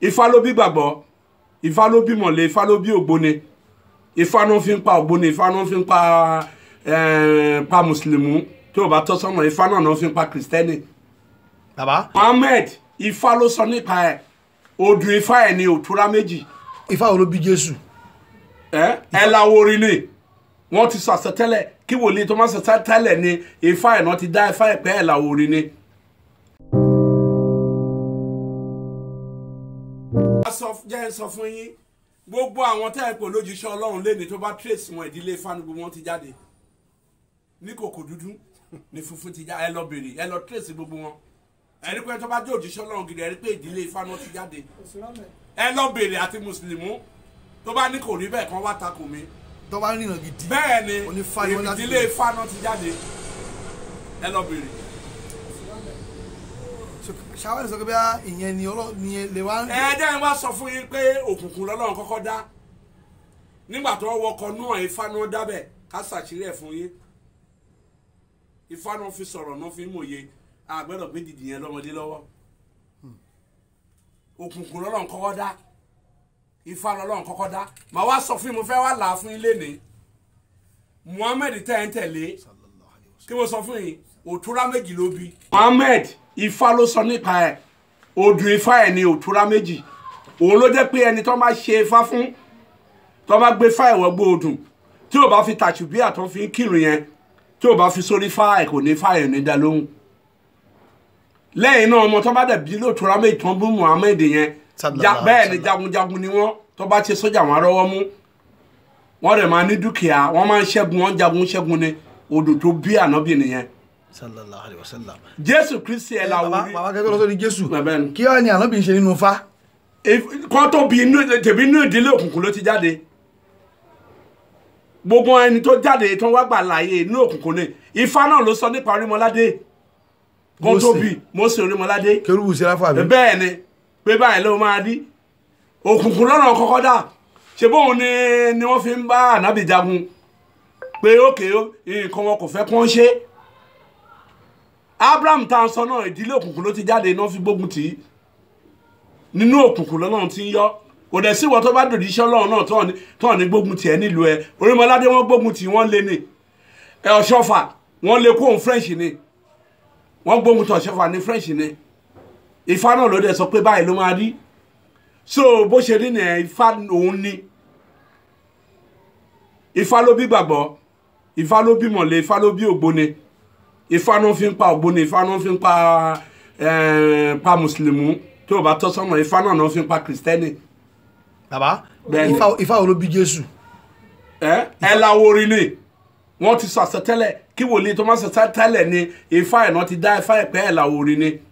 ifá ló bí gbàgbọ́ ifá ló bí mọ̀lẹ́ ifá ló bí ògbóni ifá ló fi ń pa ògbóni ifá ló fi ń pa pa mùsùlùmù tí ò bá tọ́ sọ́nà ifá náà ló fi ń pa kìrìsìtẹ́nì. bàbá. Muhammad ifá ló sọ nípa ẹ̀ odù ifá ẹ̀ ni òtúrá méjì. ifá wo ló bí jésù. ẹ ẹ la wori ni wọn ti sọ àsọtẹ́lẹ̀ kí wòlíì tó má sọ àsọtẹ́lẹ̀ ni ifá ẹ̀ náà ti dá ifá ẹ̀ pé ẹ la wori ni. jẹ́ ń sọ fún yín gbogbo àwọn tẹ́ ẹ̀ pò lójúṣẹ́ ọlọ́run lé ní tó bá trace wọn ìdílé fanugu wọn ti jáde ní kòkò dúdú ní funfun ti jáde ẹ lọ bèrè ẹ lọ trace gbogbo wọn ẹni pé tó bá jẹ́ òjíṣẹ́ ọlọ́run gidi ẹni pé ìdílé Ifáná ti jáde ẹ lọ bèrè àti mùsùlùmù tó bá ní kò rí bẹ́ẹ̀ kan wá takò mi. bẹ́ẹ̀ ni ìdílé Ifáná ti jáde ẹ lọ bèrè ṣàwárí sọ pé ìyẹn ni ọlọ́run lè wá. ẹ jẹ́ wá sọ fún yín pé òkùnkùn lọ́lọ́run kọ́kọ́ dá nígbà tó wọkọ̀ náà ifá náà dábẹ̀ ká ṣàṣírí ẹ̀ fún yín ifá náà fi sọ̀rọ̀ náà fi mòye àgbẹ̀rọ̀ gbé yẹn lọ́mọdé lọ́wọ́ òkùnkùn lọ́lọ́run kọ́kọ́ dá ifá lọ́lọ́run kọ́kọ́ dá màá wá sọ fún yín mo fẹ́ wá là á fún yín lénìí Muhammed tẹ́ ń tẹ̀lé kí mo sọ fún yín òtúrá méjì ló bí. Muhammed ifá ló sọ nípa ẹ̀ odù ifá ẹ̀ ní òtúrá méjì òun ló jẹ́ pé ẹni tó máa ṣe ifá fún tó bá gbé fá ẹ̀wọ̀ gbó odù tí ò bá fi tàṣùbíà tó fi ń kírun yẹn tí ò bá fi sórí fá ẹ̀ kò ní fá ẹ̀ ní dá lóhùn lẹ́yìn náà ọmọ tó bá dẹ̀bi lóòtúrá méjì tó ń bú Muhammed yẹn bẹ́ẹ̀ ni jagunjagun ni wọ́n tó bá ṣe sójà wọn rọ́wọ́ mú wọ́n rẹ̀ máa ní dúkìá wọ́n máa ń ṣẹ́gun wọ́n jagun ṣẹ́gun ni odù tó bí ànábì nìyẹn sallallahu alayhi wa sallam. jésù kristi ẹ̀ làwọn orí. bàbá kẹ́kẹ́ lọ́sọ̀rọ̀ ni jésù kí wàá ní ànábì ṣe nínú fa. kọ́ tó bi tèmi inú ìdílé òkùnkùn ló ti jáde gbogbo ẹni tó jáde tó wá gbà láàyè inú òkùnkùn ni ifá náà ló sọ nípa orímọládé kó tó bi mọ́sẹ̀ orímọládé. kérúbù sẹ́ráfà mi. bẹ́ẹ̀ ni pé báyìí ló máa rí òkùnkùn lọ́nà kọ́kọ́ dà ṣe bóun ni ni wọ́n fi ń bá ànábì jagun pé abraham tá a sọ náà ìdílé òkùnkùn ló ti jáde iná fi gbógun tì í nínú òkùnkùn lọ́nà tí ń yọ kò dẹ̀ sí ìwọ tó bá dòdì iṣẹ́ ọlọ́run náà tó hàn ní gbógun tì ẹ́ nílùú ẹ orímọládé wọ́n gbógun tì wọ́n lé ní ọ̀ṣọ́fà wọ́n lé kóhùn french ni wọ́n gbógun tì ọ̀ṣọ́fà ní french ni ifá náà ló dẹ̀ sọ pé báyìí ló máa rí so bó ṣe rí ni ifá òun ni ifá ló bí gbàgbọ́ ifá ló bí mọ̀lẹ́ ifá ló bí ògbóni ifá ló fi ń pa ògbóni ifá ló fi ń pa eh, pa mùsùlùmù tí ò bá tọ́ sọ́nà ifá náà ló fi ń pa kìrìsìtẹ́nì. bàbá ifá wo ló bí jésù. ẹ eh, ẹ láwo orí ni wọ́n ti sọ àsọtẹ́lẹ̀ kí wòlíì tó máa sọ àsọtẹ́lẹ̀ ni ifá ẹ̀ náà ti dá ifá ẹ̀ pẹ́ ẹ̀ láwo orí ni.